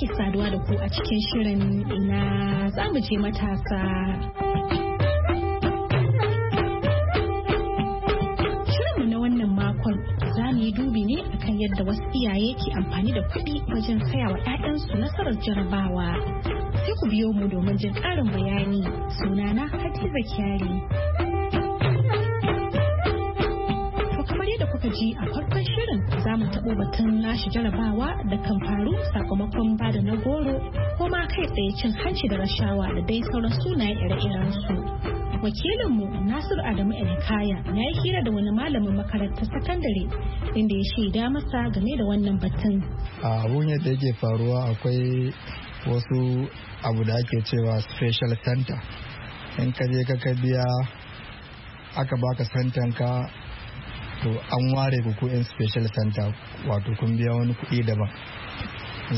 sake saduwa da ku a cikin shirin ina za mu je matasa. Shirinmu na wannan makon za mu yi dubi ne akan yadda wasu iyaye ke amfani da kuɗi wajen saya wa 'ya'yansu nasarar jarabawa. Sai ku biyo mu domin jin ƙarin bayani sunana Hadiza Kyari. ji a farkon shirin za mu taɓo batun nashi jarabawa da kan faru sakamakon ba da na goro ko ma kai tsaye cin hanci da rashawa da dai sauran sunayen ire-iren su. Wakilinmu Nasiru Adamu elikaya ya yi hira da wani malamin makarantar sakandare inda ya shaida masa game da wannan batun. A Abun yadda yake faruwa akwai wasu abu da ake cewa special center in ka je ka biya aka baka santanka to an ware ku ku in special center wato kun biya wani kuɗi daban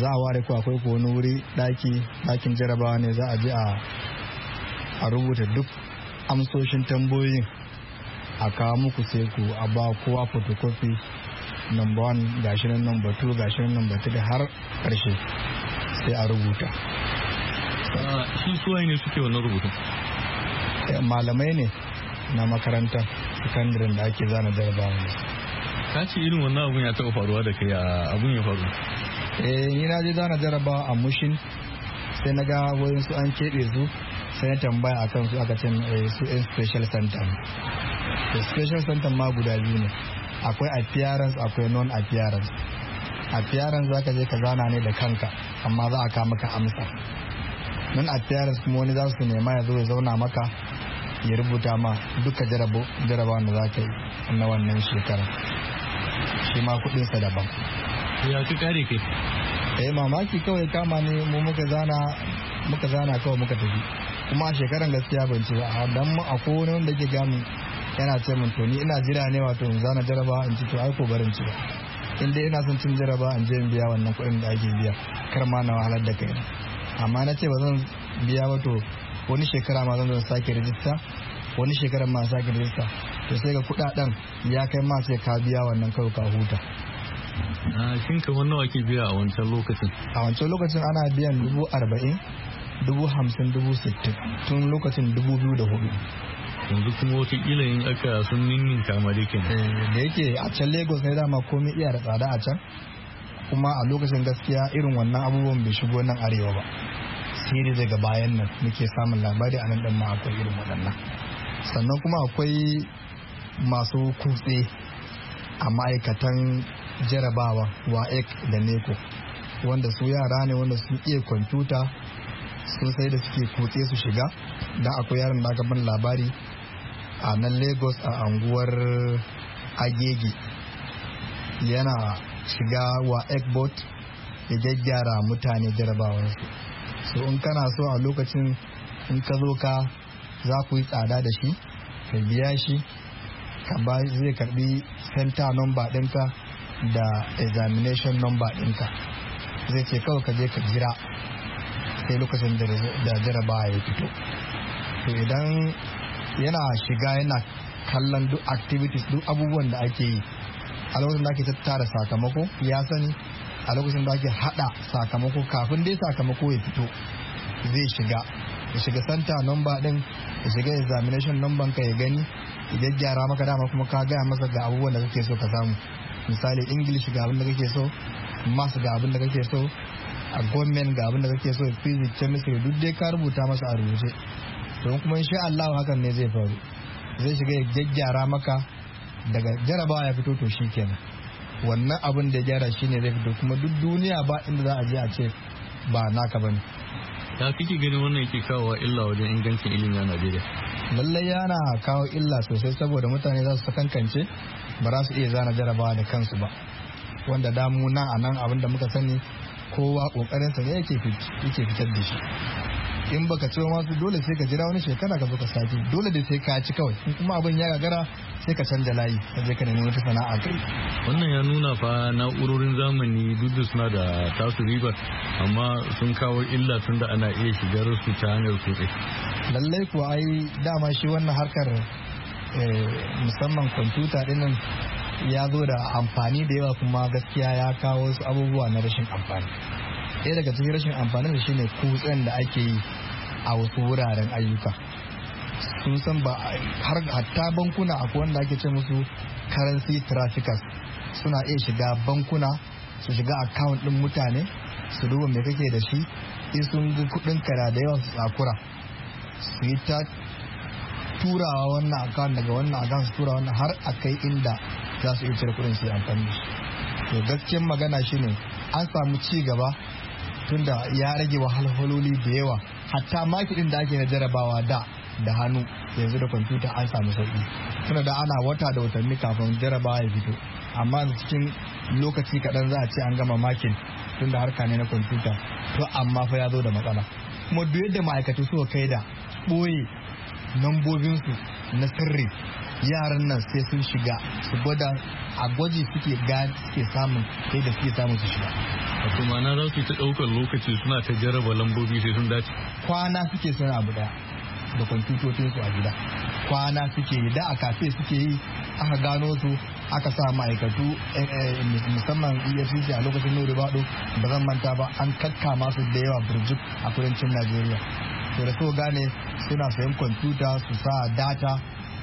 za a ware ku akwai ku wani wuri ɗaki ɗakin jarabawa ne za a je a rubuta duk amsoshin tambayoyin a kawo muku sai ku a ba kowa photocopy number one gashi nan number two gashi nan number three har ƙarshe sai a rubuta su suwaye ne suke wannan rubutun eh, malamai ne na makaranta sakandaren da ake zana jarabawa ka ce irin wannan abun ya taɓa faruwa da kai abun ya faru eh ni na je zana jarabawa a mushin sai na ga su an keɓe su sai na tambaya a su aka ce eh, su yan special center da special center ma guda biyu ne akwai appearance akwai non appearance appearance za ka je ka zana ne da kanka amma za a ka maka amsa non appearance kuma wani za su nema ya zo ya zauna maka ya rubuta ma duka jarabawa da za ka yi na wannan shekara shi ma kudinsa daban ya ka kare kai eh mamaki kawai kama ne mu muka zana muka zana kawai muka tafi kuma a shekaran gaskiya ban ci ba dan mu a kowane wanda ke gami yana ce mun to ni ina jira ne wato in zana jaraba in ci to ai ko barin ci ba in dai ina son cin jaraba in je in biya wannan kuɗin da ake biya kar ma na wahalar da kai amma na ce ba zan biya ba to wani shekara ma zan sake rijista wani shekara ma sake rijista to sai ga kudaden ya kai ma sai ka biya wannan kawai ka huta shin kamar nawa ke biya a wancan lokacin a wancan lokacin ana biyan dubu arba'in dubu hamsin dubu sittin tun lokacin dubu biyu da hudu yanzu kuma watakila in aka sun ninin kama da eh, da yake a can lagos ne dama komai iya da tsada a can kuma a lokacin gaskiya irin wannan abubuwan bai shigo nan arewa ba shi ne daga bayan nan muke samun labari a nan ɗin ma akwai irin waɗannan sannan kuma akwai masu kutse a ma'aikatan jarabawa waec da neko wanda su yara ne wanda su iya kwamfuta sun sai da suke kutse su shiga don akwai yaran da aka labari a nan lagos a anguwar agege yana shiga wa ekbot ya gyaggyara mutane jarabawarsu so in kana so a lokacin in ka zo ka za ku yi tsada da shi ka biya shi ka ba zai karbi center number ɗinka da examination number ɗinka zai ce kawai ka je ka jira sai lokacin da jaraba ya fito to idan yana shiga yana kallon duk activities duk abubuwan da ake yi a lokacin da ake tattara sakamako ya sani a lokacin da ake hada sakamako kafin dai sakamako ya fito zai shiga ya shiga santa nomba din ya shiga examination number ka ya gani ya gyara maka dama kuma ka gaya masa ga abubuwan da kake so ka samu misali english ga abin da kake so mass ga abin da kake so a gomen ga abin da kake so physics chemistry duk dai ka rubuta masa a rubuce don kuma insha Allah hakan ne zai faru zai shiga ya gyaggyara maka daga jarabawa ya fito to shi kenan wannan abin da ya gyara shi ne zai fito kuma duk duniya ba inda za a je a ce ba naka bane ya kike ganin wannan yake kawowa illa wajen ingancin ilimi a Najeriya lallai yana kawo illa sosai saboda mutane za su kankance ba za su iya zana jarabawa da kansu ba wanda damu na a nan abin da muka sani kowa kokarinsa ne yake fitar da shi in baka ci masu dole sai ka jira wani shekara ka zo ka sake dole da sai ka ci kawai in kuma abin ya gagara sai ka canza layi ka je ka nemi wata sana'a kai wannan ya nuna fa na'urorin zamani duk da suna da tasu riba amma sun kawo illa tun da ana iya shigar su ta hanyar kuɗi lallai kuwa ai dama shi wannan harkar eh, musamman kwamfuta dinnan ya zo da amfani da yawa kuma gaskiya ya kawo wasu abubuwa na rashin amfani ɗaya daga cikin rashin amfani da shine kutsen da ake yi a wasu wuraren ayyuka sun san ba har hatta bankuna a wanda ake ce musu currency traffickers suna iya shiga bankuna su shiga account din mutane su duba me kake da shi in sun ga kudin kara da yawa su tsakura su yi ta turawa wannan account daga wannan account su tura wannan har a kai inda za su iya cire kudin su yi amfani to gaskiyar magana shine an samu ci gaba tunda ya rage wahalhaloli da yawa hatta ɗin da ake na jarabawa da da hannu yanzu da kwamfuta an samu sauki Tunda da ana wata da watanni kafin jarabawa ya fito amma cikin lokaci kaɗan za a ce an gama makin tun da harka ne na kwamfuta to amma fa ya zo da matsala kuma duk yadda ma'aikatu suka kai da ɓoye lambobinsu na sirri yaran nan sai sun shiga su gwada a gwaji suke gani suke samun sai da suke samun su shiga wato ma'ana za su ta ɗaukar lokaci suna ta jaraba lambobi sai sun dace kwana suke sun abu da da kwamfutocin su a gida kwana suke yi da a kafe suke yi aka gano su aka sa ma'aikatu eh, eh, musamman efcc a lokacin nuri bado ba zan manta ba an kakka masu da yawa burjuk a kudancin najeriya to da so gane suna sayan kwamfuta su sa data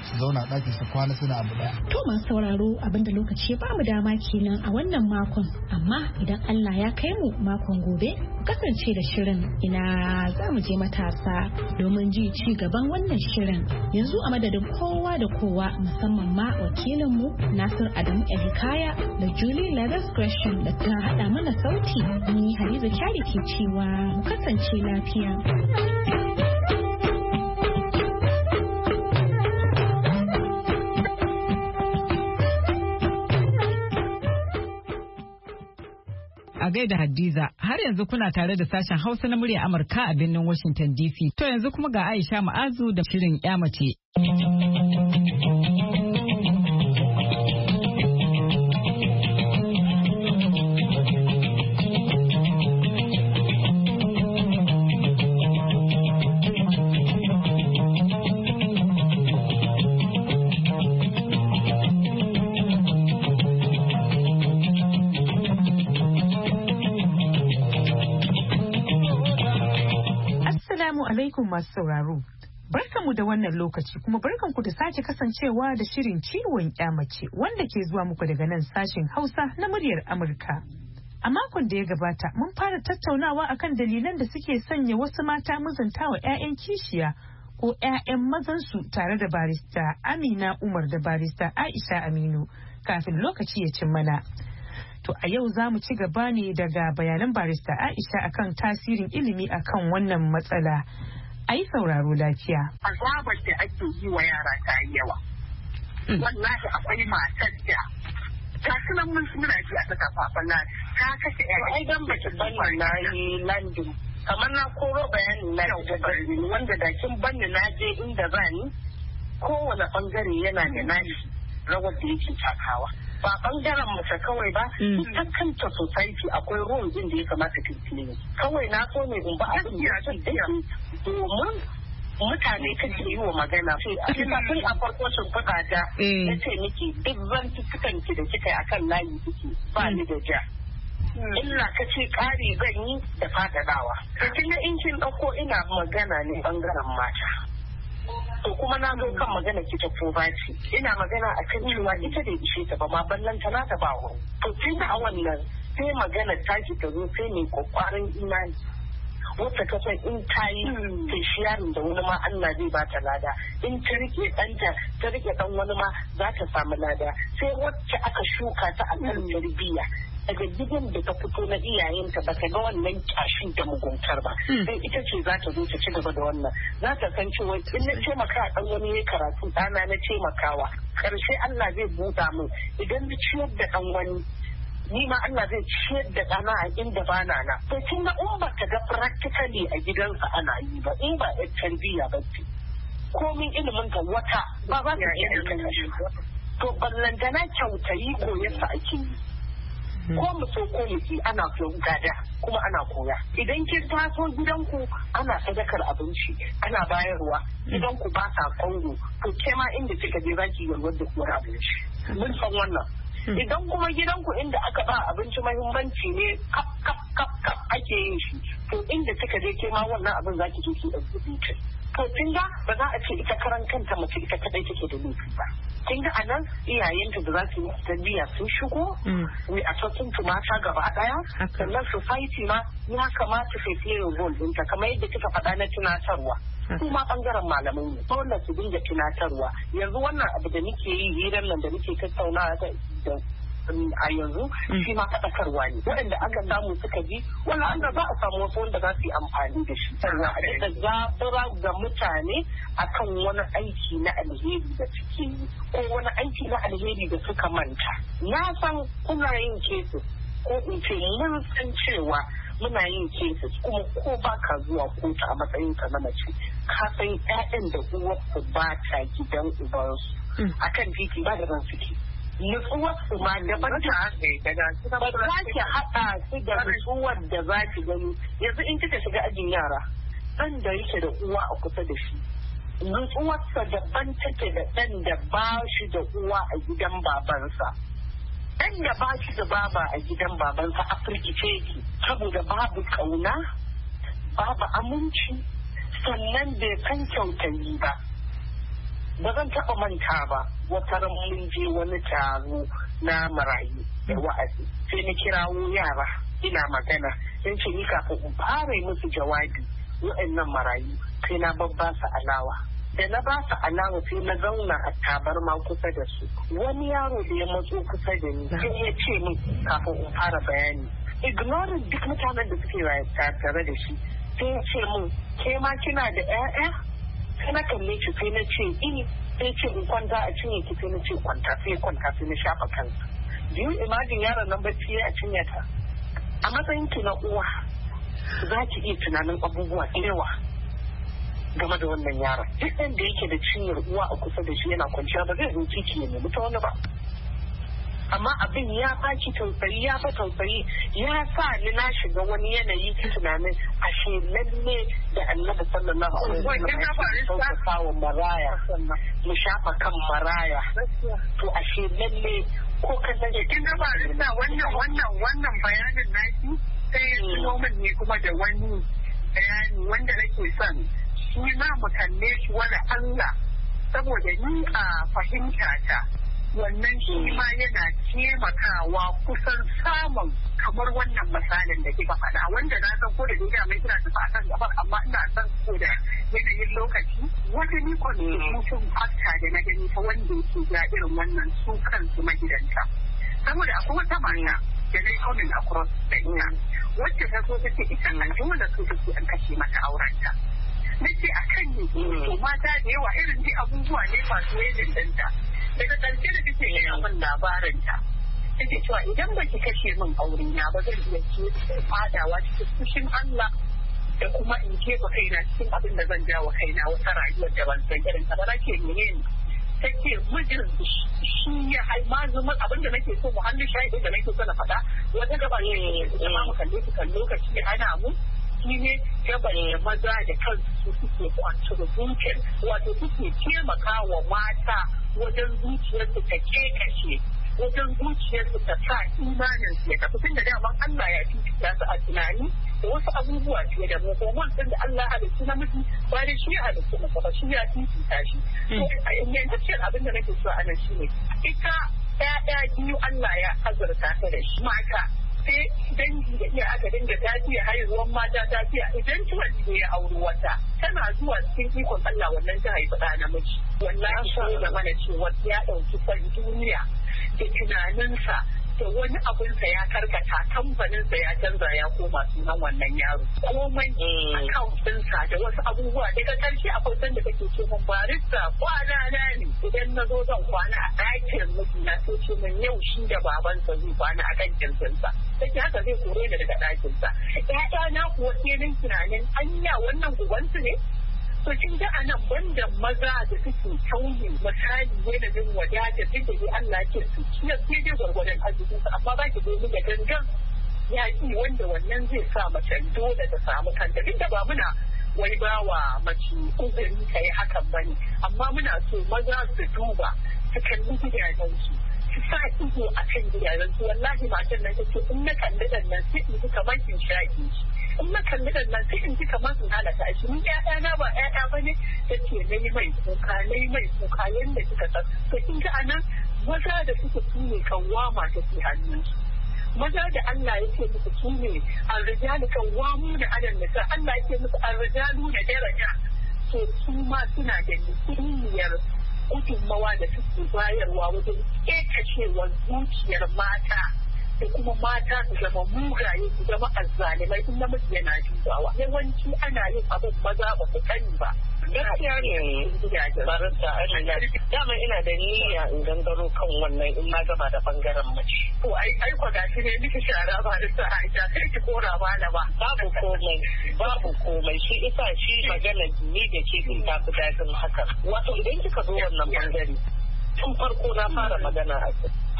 su zauna ɗaki su kwana suna abu ɗaya. To masu sauraro abinda lokaci ba mu dama kenan a wannan makon amma idan Allah ya kai mu makon gobe kasance da shirin ina za mu je matasa domin ji ci gaban wannan shirin yanzu a madadin kowa da kowa musamman ma wakilinmu Nasir Adamu ehikaya da Julie Ladas Gresham da ta haɗa mana sauti ni Hadiza Kyari ke cewa mu kasance lafiya. a gaida Hadiza har yanzu kuna tare da sashen Hausa na murya Amurka a birnin Washington DC. To yanzu kuma ga Aisha Ma'azu da shirin 'ya mace. Assalamu alaikum masu sauraro. mu da wannan lokaci kuma barkan ku da sake kasancewa da shirin ciwon mace wanda ke zuwa muku daga nan sashen Hausa na muryar Amurka. A makon da ya gabata mun fara tattaunawa akan dalilan da suke sanya wasu mata wa 'ya'yan kishiya ko 'ya'yan mazansu tare da barista Amina Umar da barista Aisha Aminu kafin lokaci ya cin mana. To a yau za mu ci gaba ne daga bayanan barista Aisha akan tasirin ilimi akan wannan matsala. A yi sauraro lafiya. Azabar da ake yi wa yara ta yi yawa. Mm. Wallahi akwai matar da ta sunan mun muna ji a saka fafan na ta kashe ƴaƴa. Ai dan baki ban na yi landin. Kamar na koro bayanin na da wanda da kin banni na je inda bani kowane bangare yana da nashi rawar da yake takawa. ba bangaren mace kawai ba mm. ita kanta society akwai ruwan din da ya kamata ta yi kawai na so ne in ba abin ya domin mutane kake yi wa magana mm. a tun a farko shimfiɗa ta mm. ya ce miki duk cikin ki da kika a kan layi kike ba ni da ja illa ka ce ƙari zan da fadadawa. Kin na inkin ɗauko ina magana ne bangaren mata. to kuma na zo kan magana ki ta ce ina magana a akan cewa ita da ishe ta ba ma ballan ta na ta ba wa? to tun da wannan sai magana ta ki ta zo sai mai kokarin imani wata kasan in ta yi ta hmm. da wani ma Allah zai ba ta lada in ta rike danta ta rike dan wani ma za ta samu lada sai wacce aka shuka ta a kan hmm. tarbiyya daga gidan da ta fito na iyayenta ba ta ga wannan kyashin da muguntar ba hmm. sai ita ce za ta zo ta ci gaba da wannan za ta san cewa in na taimaka a wani ya karatu ɗana na taimakawa karshe Allah zai buɗa mu idan na ciyar da ɗan wani ni ma Allah zai ciyar da ɗana a inda ba na na to kin ga in ta ga practically a gidansa ana yi ba in ba yan tarbiyya ba ce komin ilimin ga wata ba za ta iya to ballantana kyautayi koyarsa ake yi ko mu so ko mu ci ana gada kuma ana koya idan kin taso gidanku ana sadakar abinci ana bayarwa idan ku ba sa kauro to ke ma inda kika je zaki yarwar da kuwar abinci mun san wannan idan kuma gidanku inda aka ba abinci mahimmanci ne kap kap kap kap ake yin shi to inda kika je ke ma wannan abin zaki je ki ɗauki to kin ba za a ce ita karan kanta mace ita kadai take da laifi ba kin ga anan iyayenta da za su yi sun shigo ne a cikin ta gaba daya sannan society ma ya kamata ta fiye din ta kamar yadda kika faɗa na tunatarwa su ma bangaren malaman mu dole su dinga tunatarwa yanzu wannan abu da muke yi hirar nan da muke tattaunawa da a yanzu mm. shi ma faɗakarwa ne waɗanda aka samu suka ji wala anda za a samu wasu wanda za su yi amfani da shi sannan a da ga mutane akan wani aiki na alheri da suke yi ko wani aiki na alheri da suka manta na san kuna yin kesu ko in ce mun san cewa muna yin kesis kuma ko ba ka zuwa kota a matsayin ka na mace ka san 'ya'yan da uwarsu ba ta gidan ubansu mm. akan titi ba da ran suke nutsuwar su ma daban ta ba za ki haɗa su da nutsuwar da za ki gani yanzu in kika shiga ajin yara ɗan da yake da uwa a kusa da shi nutsuwarsa daban take da ɗan da ba shi da uwa a gidan babansa ɗan da ba shi da baba a gidan babansa a firgice ki saboda babu ƙauna babu aminci sannan bai kan kyautayi ba ba zan taɓa manta ba wata mun je wani taro na marayu da wa'azi sai na kirawo yara ina magana in ce ni kafin in fara musu jawabi wa'annan marayu sai na babba su alawa da na ba su alawa sai na zauna a tabarma kusa da su wani yaro da ya matso kusa da ni sai ya ce min kafin in fara bayani ignoring duk mutanen da suke tare da shi sai ya ce min ke ma kina da 'ya'ya sai na kalle ki sai na ce in eh, sai ce in kwanta a cinye ki sai na ce kwanta sai kwanta sai na shafa kansa biyu imajin yaron nan bacci ya cinye ta a matsayin ki na uwa za ki iya tunanin abubuwa yawa game da wannan yaron duk da yake da cinyar uwa a kusa da shi yana kwanciya ba zai zo ciki ya nemi ta wani ba amma abin ya baki tausayi ya fa tausayi ya sa ni na shiga wani yanayi tunanin ashe lalle da annabi sallallahu alaihi wasallam ya kawo maraya mu shafa kan maraya to ashe lalle ko ka da kin ba wannan wannan wannan bayanin naki sai ya hmm. ne kuma da wani bayani wanda nake son shi na mu kalle shi wani Allah saboda ni a fahimta ta wannan shi ma yana taimakawa kusan samun kamar wannan misalin da kika faɗa wanda na san ko da duniya mai kira su san gabar amma ina san ko da yanayin lokaci Wani ni mm-hmm. mutum fasta da na gani ta wanda yake ga irin wannan su kansu magidanta saboda akwai wata manya da na yi a cross da ina wacce ta so ta ce ita nan dole su take an kashe mata aurenta na ce a kan ne mm-hmm. mata da yawa irin dai abubuwa ne masu yadda danta daga ƙarshe da take gaya min labarin ta take cewa idan ba ki kashe min aure na ba zan iya ke fadawa cikin fushin Allah da kuma in keɓe kaina cikin abin da zan jawo kaina wata rayuwar da ban san irin ta ba nake menene ta ce mijin shi ya almazumin abin da nake so muhallin shahidin da nake so na faɗa wata gaban ne da ma kalle su kan lokaci ana mu shi ne gabaye maza da kansu su suke contribution wato suke taimaka wa mata wajen zuciyarsu ta kekashe wajen zuciyarsu ta sa imanin su ya tafi tun da daman Allah ya ta su a tunani da wasu abubuwa fiye da mu kuma sun da Allah ya halitta namiji ba da shi a halitta mace ba shi ya ta shi yanzu hmm. ce abin da nake so a nan shine ita ɗaya biyu Allah ya azurta ta da shi mata sai dangi da iya aka dinga tafiya haihuwan mata tafiya idan ciwon ne ya auri wata tana zuwa cikin ikon Allah wannan ta haifi ɗa namiji wallahi shi ne mana cewa ya ɗauki kwan duniya da tunaninsa to wani abun sa ya karkata kamfanin sa ya canza ya koma sunan wannan yaro komai mm. account din sa da wasu abubuwa daga karshe akwai kwatan da kake ce mun barista kwana na ne idan na zan kwana a ɗakin miji na so ce mun yau shi da baban sa zai kwana a kan kirkin sa sai haka zai kore ni daga ɗakin sa ƴaƴa na kuwa sai tunanin anya wannan gubansu ne to kin ga a nan banda maza da suke tauye misali yanayin wadata duk da dai Allah ke su ya sai dai gwargwadon arzikin su amma ba ki gobe da gangan ya wanda wannan zai sa mace dole ta samu kanta duk da ba muna wai ba wa mace uzuri ta yi hakan ba ne amma muna so maza su duba su kalli gidajen su su sa ido a kan su, wallahi matan nan ta ce in na kalli nan sai in ji kamar in shaƙe shi in na kalli nan sai in ji kamar in halata shi ni ƴaƴa na ba ƴaƴa ba ne da ke nayi mai kuka nayi mai kuka yadda kika san to kin ga anan maza da suka tune kawama take hannunsu maza da Allah ya ce musu an ne kawwa mu da da nisa Allah ya ce an rijalu da daraja to su ma suna da nisimiyar gudunmawa da suke bayarwa wajen kekacewar zuciyar mata da kuma mata su zama mugaye su zama azzalimai in namiji yana dubawa yawanci ana yin abin maza ba su sani ba gaskiya ne barista dama ina da niyya in gangaro kan wannan in ma gaba da bangaren mace to ai ai ko gashi ne miki shara barista aisha sai ki kora ba. babu komai babu komai shi isa shi magana ne da ke ta fi dadin haka wato idan kika zo wannan bangare tun farko na fara magana a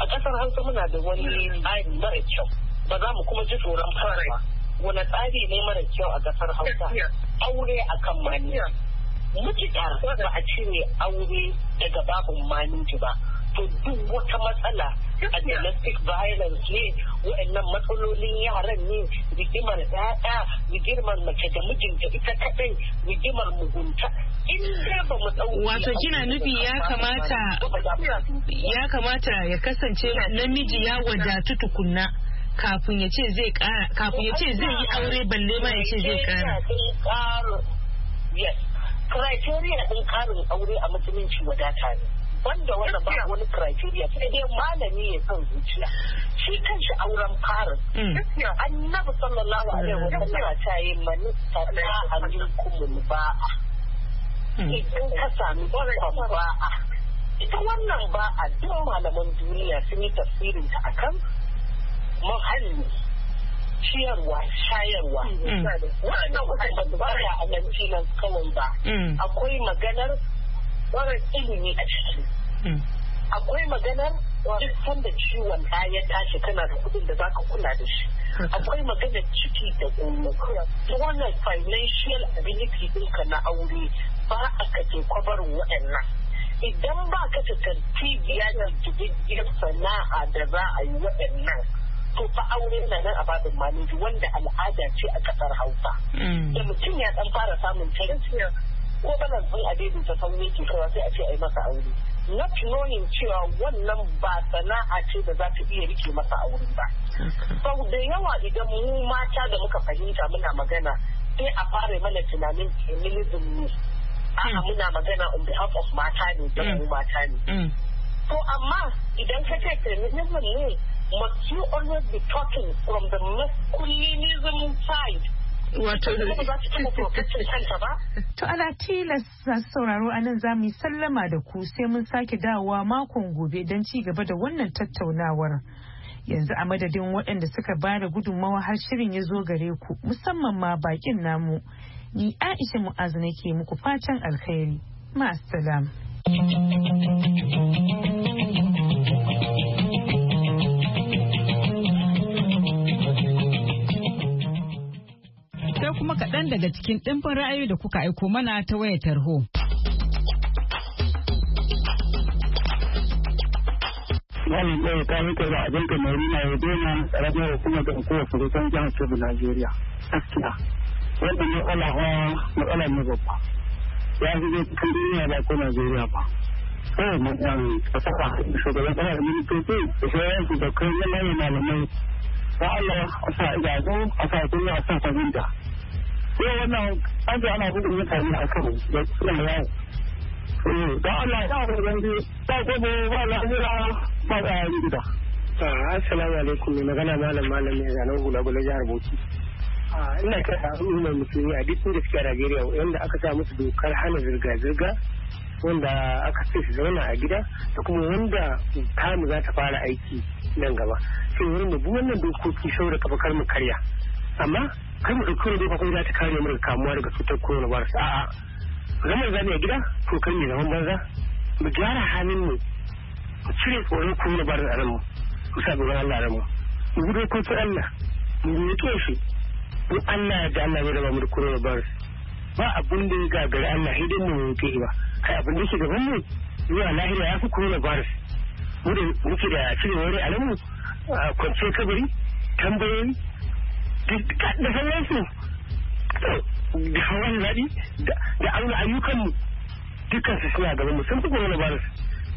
a ƙasar hausa muna da wani tsari mara kyau ba za mu kuma ji tsoron fara ba wani tsari ne mara kyau a ƙasar hausa aure akan mani mutu ba a cire aure daga babin maniji ba to duk wata matsala a domestic violence ne wa'annan matsalolin yaran ne rigimar daɗa rigimar mace da mijinta ita kaɗai rigimar mugunta wato kina nufi ya kamata ya kamata ya kasance namiji ya wadatu tukunna kafin ya ce zai kafin ya ce zai yi aure balle ma ya ce zai kara yes criteria din karin aure a musulunci wadata ne Wanda wanda ba wani criteria sai dai malami ya san zuciya shi kanshi auren farin mm. annabi sallallahu alaihi wa sallam ta mm. yi manista ta ba'a mm. idan ka sami ba'a ita wannan ba'a duk malaman duniya sun yi tafsirin ta akan muhalli ciyarwa shayarwa wannan hukumar ba ya aminci nan kawai ba akwai maganar barin ilimi a ciki hmm. akwai maganar duk sanda ciwon ɗa ya tashi kana da kuɗin da zaka kula da shi akwai maganar ciki da goyo ta wannan financial ability ɗinka na aure ba a kake kwabar waɗannan idan ba ka da tartibiya da jirgin sana'a da za a yi waɗannan to fa aure na nan a babin maniji wanda al'ada ce a ƙasar hausa hmm. da mutum ya ɗan fara samun tarihi ko balance din adadin ta sauni ke kawa sai a ce ai masa aure not tunonin cewa wannan ba sana'a ce da za ta iya rike masa aure ba sau da yawa idan mu mata da muka fahimta muna magana sai a fara mana tunanin feminism ne a mm. muna magana on behalf of mata ne da mu mm. mata ne mm. to amma idan ka ce feminism ne must you always be talking from the masculinism side wato to ana tilasta sauraro a nan za mu yi sallama da ku sai mun sake dawowa makon gobe don ci gaba da wannan tattaunawar yanzu a madadin waɗanda suka ba da gudunmawa har shirin ya zo gare ku musamman ma bakin namu ni aisha mu'azu nake muku fatan alkhairi ma'asalam sai kuma kaɗan daga cikin ɗimbin ra'ayoyi da kuka aiko mana ta wayar tarho. Malam ɗaya ta rike da abin da mai rina ya dena wa kuma da zai furutan jihar Kebbi Najeriya. Gaskiya. Wanda ala hawa matsala ne babba. Ya fi zai cikin duniya ba ko Najeriya ba. Kawai mutane a saka shugaban ƙasa da ministoci da shawarar su da kai malamai malamai. Ba Allah a sa idanu a sa kunya a sa fahimta. yau wannan an ce ana mutane a kan da suna yawo eh, don Allah ya ba lafiya ba gida ah, assalamu alaikum mai magana malam malam ne ga nan hula bala jihar Bauchi ah, ina ta al'ummar musulmi a duk inda suke a Najeriya yanda aka sa musu dokar hana zirga-zirga wanda aka ce su zauna a gida da kuma wanda kamu za ta fara aiki nan gaba sai wurin mu bi wannan dokoki saboda kafa karmu karya amma kai mu ɗauki wani doka za ta kare mu daga kamuwa daga cutar virus a'a zaman zami a gida ko kai yi zaman banza mu gyara halin mu mu cire tsoron virus a ranmu mu sa tsoron Allah a ranmu mu gudu ta Allah mu roƙe shi mu Allah ya da Allah ya raba mu da virus ba abin da ya gari Allah sai dai mu roƙe ba kai abin da yake gaban mu zuwa lahira ya fi virus mu da muke da cire wani a ranmu kwance kabari tambayoyi da sauransu da hawan zaɓi da auna ayyukanmu dukkan su suna gaban mu sun fi corona virus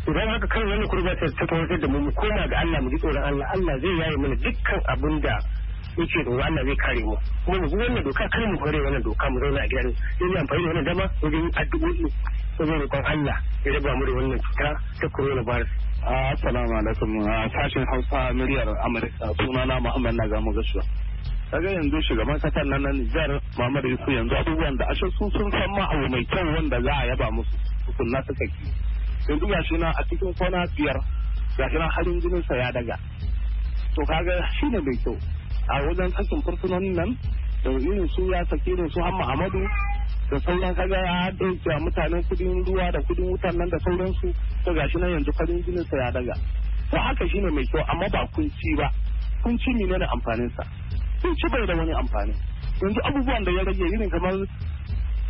idan haka kan wani kurbatar ta tawatar da mu mu koma ga Allah mu ji tsoron Allah Allah zai yaye mana dukkan abin da yake tsoro Allah zai kare mu kuma mu wannan doka kar mu kare wannan doka mu zauna a gidan sai mu amfani da wannan dama wajen addu'o'i wajen roƙon Allah ya raba mu da wannan cuta ta a assalamu alaikum sashen Hausa muryar Amurka sunana Muhammad Nagamu Gashuwa kaga yanzu shugaban kasar nan na Nijar Muhammadu Yusuf yanzu abubuwan da ashe su sun san ma abu mai kyau wanda za a yaba musu tukunna suka ki yanzu shi na a cikin kwana biyar shi na halin jinin sa ya daga to kaga ne mai kyau a wajen sakin fursunonin nan da irin su ya sake ne su har Muhammadu da sauran kaga ya dauke mutanen kudin ruwa da kudin wutan nan da sauransu to ga shi na yanzu halin jinin sa ya daga to haka shi ne mai kyau amma ba kunci ba kunci ne na amfanin sa sun ci bai da wani amfani yanzu abubuwan da ya rage irin kamar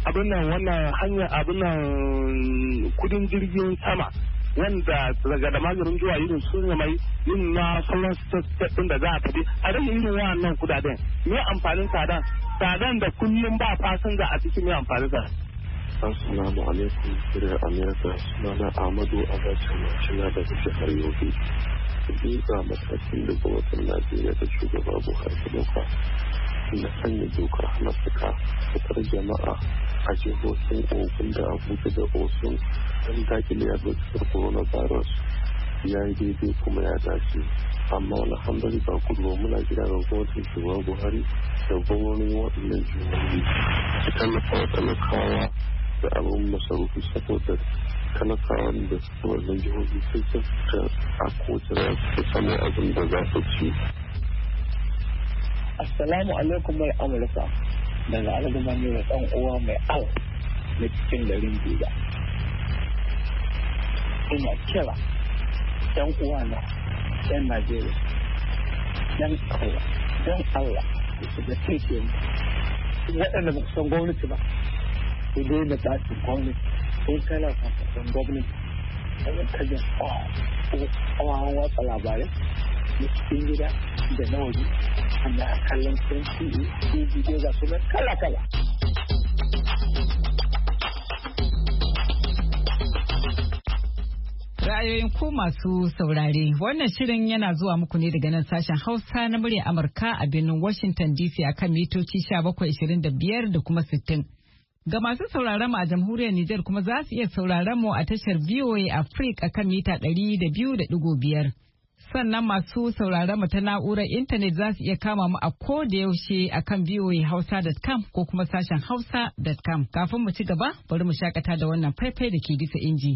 abin nan wannan hanya abin nan kudin jirgin sama wanda daga da maganin zuwa irin sun mai yin na sauran sassaɗin da za a tafi a rage irin wannan kudaden me amfanin tsadan tsadan da kullum ba fasinja a cikin me amfanin sa Assalamu alaikum, Kira Amerika, sunana a Abacha da daga jihar Yobe. hakika matakin da gwamnatin najeriya ta shugaba buhari ta dauka na sanya dokar hana fita fitar jama'a a jihohin ogun da abuja da osun don dakile yaduwar coronavirus ya yi daidai kuma ya dace amma alhamdulillah guduwa muna gida ga gwamnatin shugaba buhari da gwamnonin waɗannan jihohi su tallafa wa talakawa da abin masarufi saboda talakawan da suke wajen jihohi sai suka a kowace za su sami abin da za su ci. Assalamu alaikum mai Amurka daga alaguma ne da ɗan uwa mai au na cikin garin Duba. Ina kira ɗan uwa na ɗan Najeriya ɗan Allah ɗan Allah da su da ke waɗanda ba su san gwamnati ba. Ku daina tashin gwamnati in kana fafafan gwamnati daga kajin kawawan ah, oh, oh, watsa labarai na cikin gida da na waje ana kallon sun ne su bidiyo ga sunan kala-kala Ra'ayoyin ku masu saurare wannan shirin yana zuwa muku ne daga nan sashen Hausa na murya Amurka a birnin Washington DC a kan mitoci 1725 da kuma 60. Ga masu sauraron mu a jamhuriyar Nijar kuma za su iya sauraron mu a tashar VOA Africa kan mita 200.5. Sannan masu sauraron mu ta na'urar intanet za su iya kama mu a ko da yaushe a kan voahausa.com ko kuma sashen hausa.com. Kafin mu ci gaba, bari mu shakata da wannan faifai da ke bisa inji.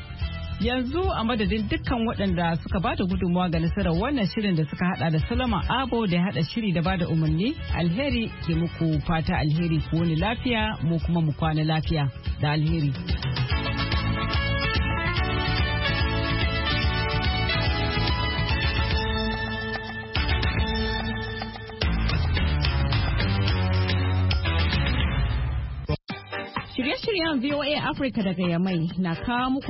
Yanzu a madadin dukkan waɗanda suka ba da gudunmawa ga nasarar wannan shirin da suka hada da Salama Abo da ya hada shiri da ba da umarni alheri ke muku fata alheri ku wani lafiya mu kuma mu kwana lafiya da alheri. Shirye-shiryen VOA Africa daga Yamai na kawo muku